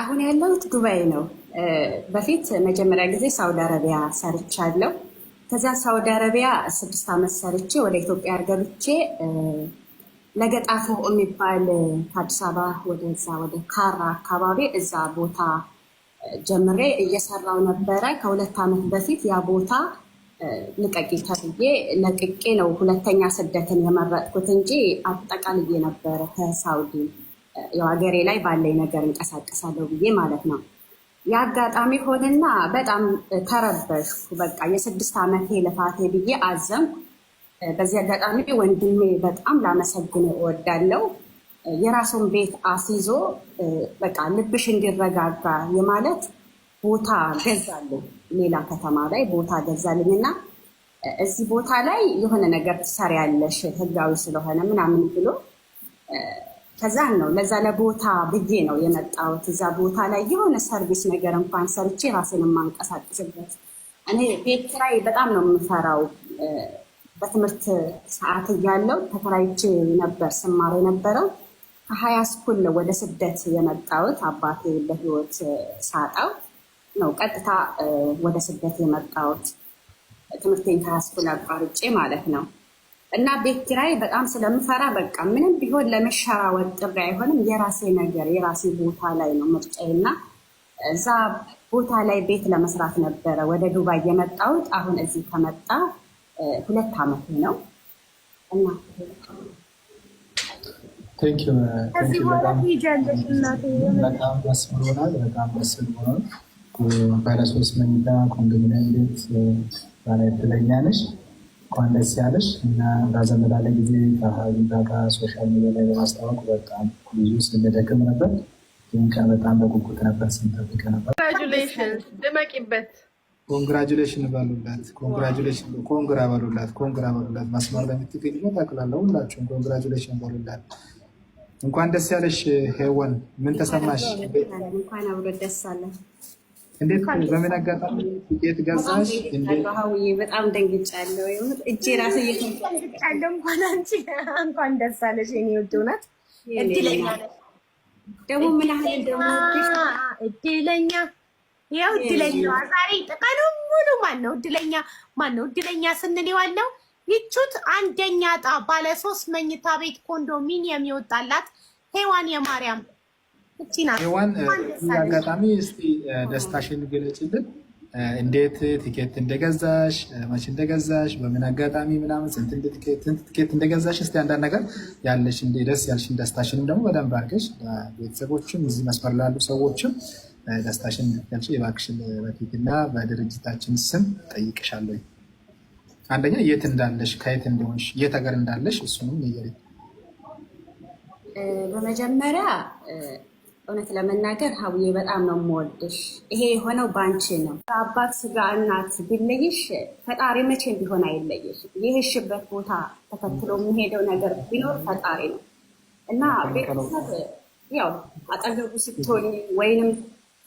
አሁን ያለሁት ዱባይ ነው። በፊት መጀመሪያ ጊዜ ሳውዲ አረቢያ ሰርቻለሁ። ከዚያ ሳውዲ አረቢያ ስድስት ዓመት ሰርቼ ወደ ኢትዮጵያ ገብቼ ለገጣፎ የሚባል ከአዲስ አበባ ወደዛ ወደ ካራ አካባቢ እዛ ቦታ ጀምሬ እየሰራው ነበረ። ከሁለት ዓመት በፊት ያ ቦታ ልቀቂ ተብዬ ለቅቄ ነው ሁለተኛ ስደትን የመረጥኩት እንጂ አጠቃልዬ ነበረ ከሳውዲ የሀገሬ ሀገሬ ላይ ባለኝ ነገር እንቀሳቀሳለሁ ብዬ ማለት ነው። የአጋጣሚ ሆንና በጣም ተረበሽኩ። በቃ የስድስት ዓመቴ ልፋቴ ብዬ አዘንኩ። በዚህ አጋጣሚ ወንድሜ በጣም ላመሰግን እወዳለሁ። የራሱን ቤት አስይዞ በቃ ልብሽ እንዲረጋጋ የማለት ቦታ ገዛልኝ። ሌላ ከተማ ላይ ቦታ ገዛልኝ እና እዚህ ቦታ ላይ የሆነ ነገር ትሰሪያለሽ ህጋዊ ስለሆነ ምናምን ብሎ ከዛን ነው ለዛ ለቦታ ብዬ ነው የመጣሁት። እዛ ቦታ ላይ የሆነ ሰርቪስ ነገር እንኳን ሰርቼ ራሴን የማንቀሳቅስበት። እኔ ቤት ኪራይ በጣም ነው የምፈራው። በትምህርት ሰዓት እያለው ተከራይቼ ነበር ስማር የነበረው። ከሀያ ስኩል ወደ ስደት የመጣሁት አባቴ ለህይወት ሳጣው ነው ቀጥታ ወደ ስደት የመጣሁት ትምህርቴን ከሀያ ስኩል አቋርጬ ማለት ነው። እና ቤት ኪራይ በጣም ስለምፈራ በቃ ምንም ቢሆን ለመሸራወጥ ጥሪ አይሆንም። የራሴ ነገር የራሴ ቦታ ላይ ነው ምርጫዬ እና እዛ ቦታ ላይ ቤት ለመስራት ነበረ ወደ ዱባይ የመጣሁት። አሁን እዚህ ከመጣ ሁለት ዓመት ነው እና በጣም ደስ ብሎናል። በጣም ደስ ብሎናል። ባለሶስት መኝታ ኮንዶሚኒየም ቤት ባለ ዕድለኛ ነሽ። እንኳን ደስ ያለሽ እና ባዘመላለ ጊዜ ከሀቢባ ጋር ሶሻል ሚዲያ ላይ በማስታወቅ በጣም ብዙ ስንደክም ነበር። ይህን ቀን በጣም በጉጉት ነበር ስንጠብቅ ነበር። ድመቂበት። ኮንግራጁሌሽን በሉላት፣ ኮንግራጁሌሽን ኮንግራ በሉላት፣ ኮንግራ በሉላት። መስመር ለምትገኝ ታክላለሁ። ሁላችሁም ኮንግራጁሌሽን በሉላት። እንኳን ደስ ያለሽ ሄወን፣ ምን ተሰማሽ? እንኳን አብሮ ደስ አለን እንዴት በምን አጋጣሚ ትኬት ገዛሽ? በጣም ደንግጫለሁ። እጄ ራስ እየተንጫለው። እንኳን አንቺ እንኳን ደስ አለሽ የኔ ውድ። እውነት እድለኛ ደግሞ ምን ያህል ደግሞ እድለኛ ያው እድለኛ ዛሬ ጥቀኑ ሙሉ ማን ነው እድለኛ? ማን ነው እድለኛ ስንል ዋለው ይቹት አንደኛ ጣ ባለ ሶስት መኝታ ቤት ኮንዶሚኒየም ይወጣላት ሄዋን የማርያም ዋን አጋጣሚ እስኪ ደስታሽን ገለጭልን። እንዴት ቲኬት እንደገዛሽ፣ መቼ እንደገዛሽ፣ በምን አጋጣሚ ምናምን ስንት ቲኬት እንደገዛሽ እስኪ አንዳንድ ነገር ያለሽ ደስ ያልሽን ደስታሽንም ደግሞ በደንብ አድርገሽ ቤተሰቦችም እዚህ መስመር ላሉ ሰዎችም ደስታሽን ገልጭ የባክሽን በፊት በድርጅታችን ስም ጠይቅሻለሁ። አንደኛ የት እንዳለሽ፣ ከየት እንደሆንሽ፣ የት ሀገር እንዳለሽ እሱንም ነገር በመጀመሪያ እውነት ለመናገር ሀቡዬ በጣም ነው የምወድሽ። ይሄ የሆነው ባንቺ ነው። ከአባት ስጋ እናት ቢለይሽ ፈጣሪ መቼም ቢሆን አይለይሽ። ይህሽበት ቦታ ተከትሎ የሚሄደው ነገር ቢኖር ፈጣሪ ነው እና ቤተሰብ ያው አጠገቡ ስትሆኝ ወይንም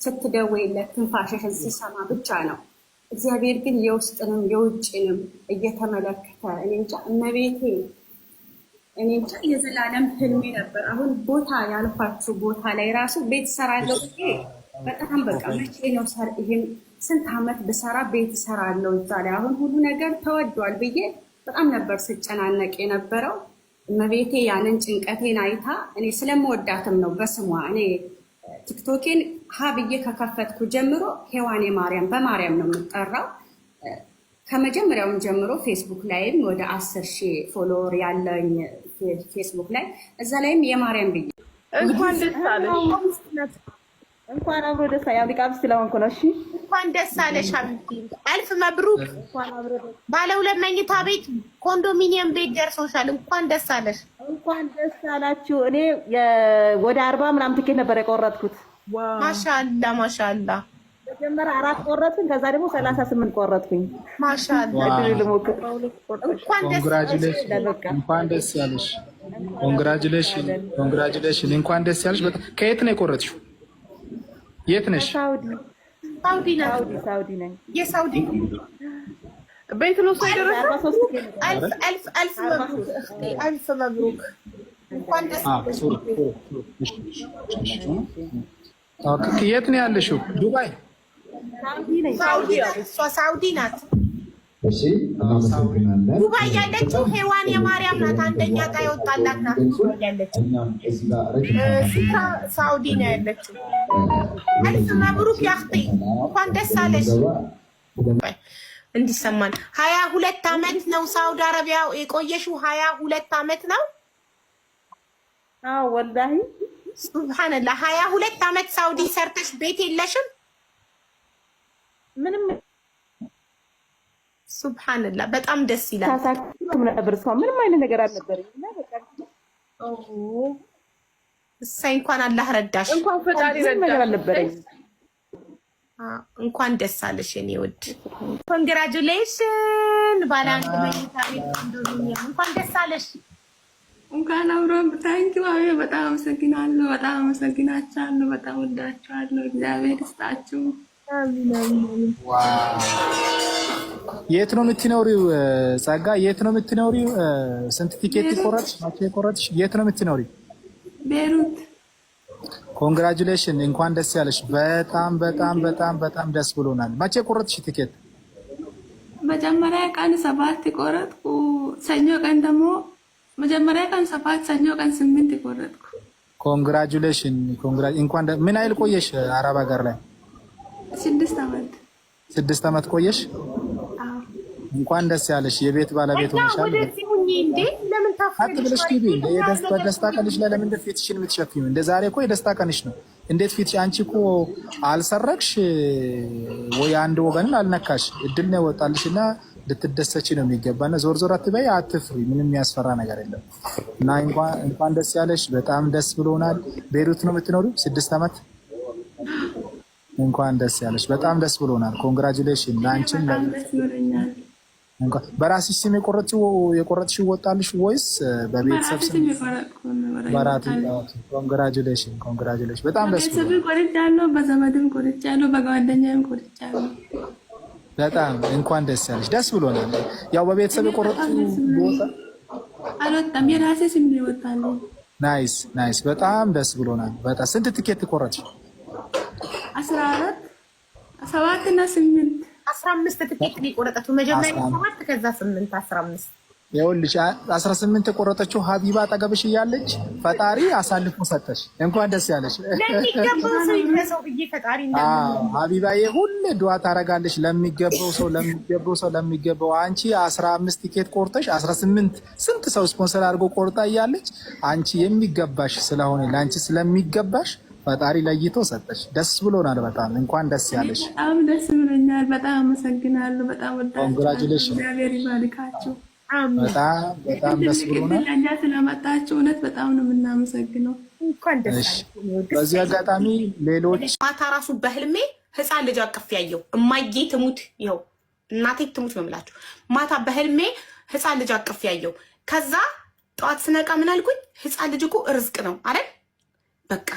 ስትደውይለት ትንፋሽሽን ሲሰማ ብቻ ነው። እግዚአብሔር ግን የውስጥንም የውጭንም እየተመለከተ እኔ እንጃ እመቤቴ እኔ ብቻ የዘላለም ህልሜ ነበር። አሁን ቦታ ያልኳችሁ ቦታ ላይ ራሱ ቤት ሰራለው በጣም በቃ መቼ ነው ይሄን ስንት አመት ብሰራ ቤት ሰራለሁ እዛ ላይ አሁን ሁሉ ነገር ተወዷል ብዬ በጣም ነበር ስጨናነቅ የነበረው። እመቤቴ ያንን ጭንቀቴን አይታ እኔ ስለምወዳትም ነው በስሟ እኔ ቲክቶኬን ሀብዬ ከከፈትኩ ጀምሮ ሄዋኔ ማርያም በማርያም ነው የምጠራው ከመጀመሪያውን ጀምሮ ፌስቡክ ላይም ወደ አስር ሺህ ፎሎወር ያለኝ ፌስቡክ ላይ እዛ ላይም የማርያም ብዬ እንኳን እንኳን አብሮ ደስ ያው ብስ ስለሆንኩ ነው። እሺ እንኳን ደስ አለሽ። አልፍ መብሩክ። ባለ ሁለት መኝታ ቤት ኮንዶሚኒየም ቤት ደርሶሻል። እንኳን ደስ አለሽ። እንኳን ደስ አላችሁ። እኔ ወደ አርባ ምናምን ትኬት ነበር የቆረጥኩት። ማሻላ ማሻላ መጀመሪያ አራት ቆረጥኩኝ፣ ከዛ ደግሞ ሰላሳ ስምንት ቆረጥኩኝ። እንኳን ደስ ያለሽ። ኮንግራጁሌሽን ኮንግራጁሌሽን። እንኳን ደስ ያለሽ። ከየት ነው የቆረጥሽው? የት ነሽ? ቤት ነው አልፍ መብሩክ። ያለሽ። የት ነው ያለሽው? ዱባይ ሳውዲ ናት። እሺ እናመሰግናለን። ሄዋን የማርያም ናት። አንደኛ ዕጣ የወጣላት ናት። ሳውዲ ነው ያለችው። አልፍ መብሩክ ያክቴ እንኳን ደስ አለሽ። እንዲሰማን ሀያ ሁለት አመት ነው ሳውዲ አረቢያ የቆየሽው። ሀያ ሁለት አመት ነው ወላሂ ሱብሓነላህ። ሀያ ሁለት አመት ሳውዲ ሰርተሽ ቤት የለሽም ምንም ሱብሃንላህ በጣም ደስ ይላል። ታሳክም ነበር እሷ ምንም አይነት ነገር አልነበር። እሳይ እንኳን አላህ ረዳሽ፣ እንኳን ፈጣሪ ረዳሽ። እንኳን ደስ አለሽ የኔ ውድ፣ ኮንግራጁሌሽን ባለ አንድ መኝታ ቤት ኮንዶሚኒየም እንኳን ደስ አለሽ። እንኳን አብሮን ታንኪ ማሚ፣ በጣም አመሰግናለሁ። በጣም አመሰግናችኋለሁ። በጣም ወዳችኋለሁ። እግዚአብሔር ይስጣችሁ። የት ነው የምትኖሪው? ጸጋ የት ነው የምትኖሪው? ስንት ቲኬት ቆረጥሽ? የት ነው የምትኖሪው? ቤሩት። ኮንግራጁሌሽን፣ እንኳን ደስ ያለሽ። በጣም በጣም በጣም በጣም ደስ ብሎናል። መቼ ቆረጥሽ ቲኬት? መጀመሪያ ቀን ሰባት ቆረጥኩ። ሰኞ ቀን ደግሞ መጀመሪያ ቀን ሰባት ሰኞ ቀን ስምንት ቆረጥኩ። ኮንግራጁሌሽን። እንኳን ምን ያህል ቆየሽ አረብ ሀገር ላይ? ስድስት ዓመት ስድስት ዓመት ቆየሽ። እንኳን ደስ ያለሽ የቤት ባለቤት ሆነሻል። ቀጥ ብለሽ ግቢ። በደስታ ቀንሽ ላይ ለምንድን ፊትሽን የምትሸፍኙ? እንደ ዛሬ እኮ የደስታ ቀንሽ ነው። እንዴት ፊት አንቺ እኮ አልሰረቅሽ ወይ አንድ ወገንን አልነካሽ። እድል ነው የወጣልሽና ልትደሰች ነው የሚገባና ዞር ዞር አትበይ፣ አትፍሪ። ምንም የሚያስፈራ ነገር የለም። እና እንኳን ደስ ያለሽ። በጣም ደስ ብሎናል። ቤሩት ነው የምትኖሩ ስድስት ዓመት እንኳን ደስ ያለች። በጣም ደስ ብሎናል። ኮንግራጁሌሽን ለአንቺም። በራስሽ ስም የቆረጥሽ ወጣልሽ ወይስ በቤተሰብ ስም? ኮንግራጁሌሽን፣ ኮንግራጁሌሽን። በጣም ደስ ቆርጫለሁ፣ በዘመድም ቆርጫለሁ፣ በጓደኛም ቆርጫለሁ። በጣም እንኳን ደስ ያለች። ደስ ብሎናል። ያው በቤተሰብ የቆረጥሽው አልወጣም፣ የራሴ ስም ይወጣል። ናይስ ናይስ። በጣም ደስ ብሎናል። በጣም ስንት ትኬት ቆረጥሽ? አስራ አራት ሰባት እና ስምንት አስራ አምስት ትኬት ነው የቆረጠችው። መጀመሪያ ሰባት ከዛ ስምንት አስራ አምስት ይኸውልሽ አስራ ስምንት የቆረጠችው ሀቢባ አጠገብሽ እያለች ፈጣሪ አሳልፎ ሰጠሽ። እንኳን ደስ ያለሽ ሀቢባዬ። ሁሌ ዱዓ ታደርጋለሽ ለሚገባው ሰው ለሚገባው ሰው ለሚገባው። አንቺ አስራ አምስት ቲኬት ቆርጠሽ አስራ ስምንት ስንት ሰው ስፖንሰር አድርጎ ቆርጣ እያለች አንቺ የሚገባሽ ስለሆነ ለአንቺ ስለሚገባሽ ፈጣሪ ለይቶ ሰጠች። ደስ ብሎናል። በጣም እንኳን ደስ ያለሽ። በጣም ደስ ብሎኛል። በጣም አመሰግናለሁ። በጣም ወዳጅ እግዚአብሔር ይባርካችሁ። በጣም በጣም ደስ ብሎናል ስለመጣችሁ። እውነት በጣም ነው የምናመሰግነው። በዚህ አጋጣሚ ሌሎች ማታ ራሱ በህልሜ ህፃን ልጅ አቅፍ ያየው እማዬ ትሙት ይኸው እናቴ ትሙት ነው የምላችሁ። ማታ በህልሜ ህፃን ልጅ አቅፍ ያየው ከዛ ጠዋት ስነቃ ምን አልኩኝ? ህፃን ልጅ እኮ ርዝቅ ነው አይደል? በቃ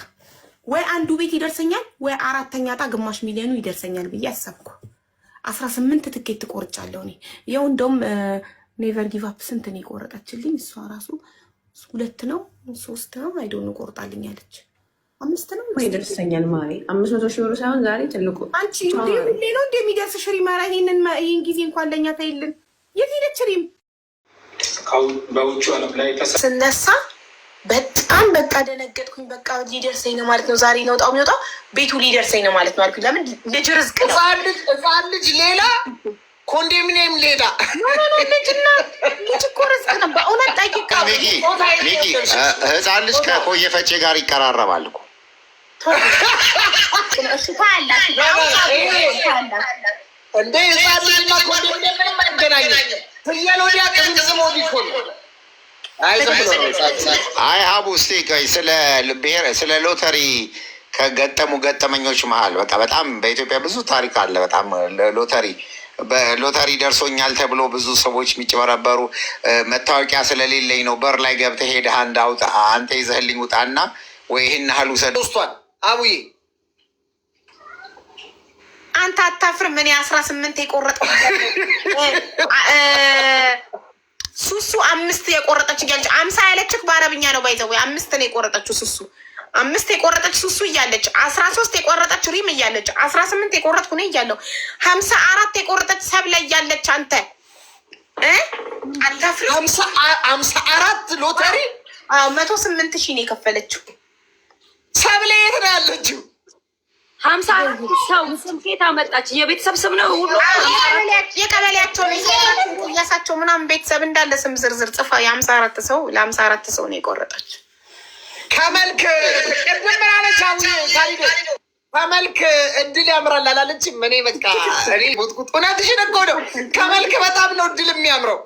ወይ አንዱ ቤት ይደርሰኛል፣ ወይ አራተኛ ዕጣ ግማሽ ሚሊዮኑ ይደርሰኛል ብዬ አሰብኩ። አስራ ስምንት ትኬት ትቆርጫለሁ እኔ ይኸው እንደውም ኔቨር ጊቭ አፕ ስንት ነው የቆረጠችልኝ? እሷ ራሱ ሁለት ነው ሶስት ነው አይዶን አለች። አምስት ነው ወይ ይደርሰኛል ማሪ አምስት መቶ ሺህ ብር ሳይሆን ዛሬ ትልቁ አንቺ ሌሎ እንደሚደርስሽ ሪማራ ይሄንን ይህን ጊዜ እንኳን ለእኛ ታይልን። የት ሄደች ሪም? በውጭ አለም ላይ ስነሳ በጣም በቃ ደነገጥኩኝ። በቃ ሊደርሰኝ ነው ማለት ነው፣ ዛሬ ነው ጣው የሚወጣው ቤቱ ሊደርሰኝ ነው ማለት ነው አልኩኝ። ለምን ልጅ ርዝቅ ነው፣ ህፃን ልጅ ሌላ፣ ኮንዶሚኒየም ሌላ። ልጅና ልጅ እኮ ርዝቅ ነው በእውነት ጠይቃ። ህፃን ልጅ ከቆየ ፈጬ ጋር ይቀራረባል እኮ እንደ ህፃን ልጅ ኮንዶሚኒየም ምንም አይገናኝም። ፍየል ወዲያ ቅዝቅዝም ወዲህ እኮ ነው አይ ሀቡ እስኪ ስለ ብሔር ስለ ሎተሪ ከገጠሙ ገጠመኞች መሀል በቃ በጣም በኢትዮጵያ ብዙ ታሪክ አለ። በጣም ሎተሪ በሎተሪ ደርሶኛል ተብሎ ብዙ ሰዎች የሚጭበረበሩ መታወቂያ ስለሌለኝ ነው። በር ላይ ገብተህ ሄደህ አንድ አውጣ አንተ ይዘህልኝ ውጣና ወይ ይህን ያህል ውሰድ ውስቷል። አቡዬ አንተ አታፍርም? እኔ አስራ ስምንት የቆረጠው ሱሱ አምስት የቆረጠች እያለች አምሳ ያለችክ በአረብኛ ነው ባይዘው አምስት ነው የቆረጠችው ሱሱ አምስት የቆረጠች ሱሱ እያለች አስራ ሶስት የቆረጠች ሪም እያለች አስራ ስምንት የቆረጥኩ እኔ እያለሁ ሀምሳ አራት የቆረጠች ሰብለ እያለች አንተ አታፍሪ ሀምሳ አራት ሎተሪ መቶ ስምንት ሺህ ነው የከፈለችው ሰብለ የት ነው ያለችው? ሀምሳ ሰው ስም ከየት አመጣች? የቤተሰብ ስም ነው ሁሉ የቀበሌያቸው እያሳቸው ምናምን ቤተሰብ እንዳለ ስም ዝርዝር ጽፋ የሀምሳ አራት ሰው ለሀምሳ አራት ሰው ነው የቆረጠች። ከመልክ ምን ምናለች? ከመልክ እድል ያምራል አላለችም? እኔ በቃ እኔ ቡጥቁጥ እውነትሽን እኮ ነው። ከመልክ በጣም ነው እድል የሚያምረው።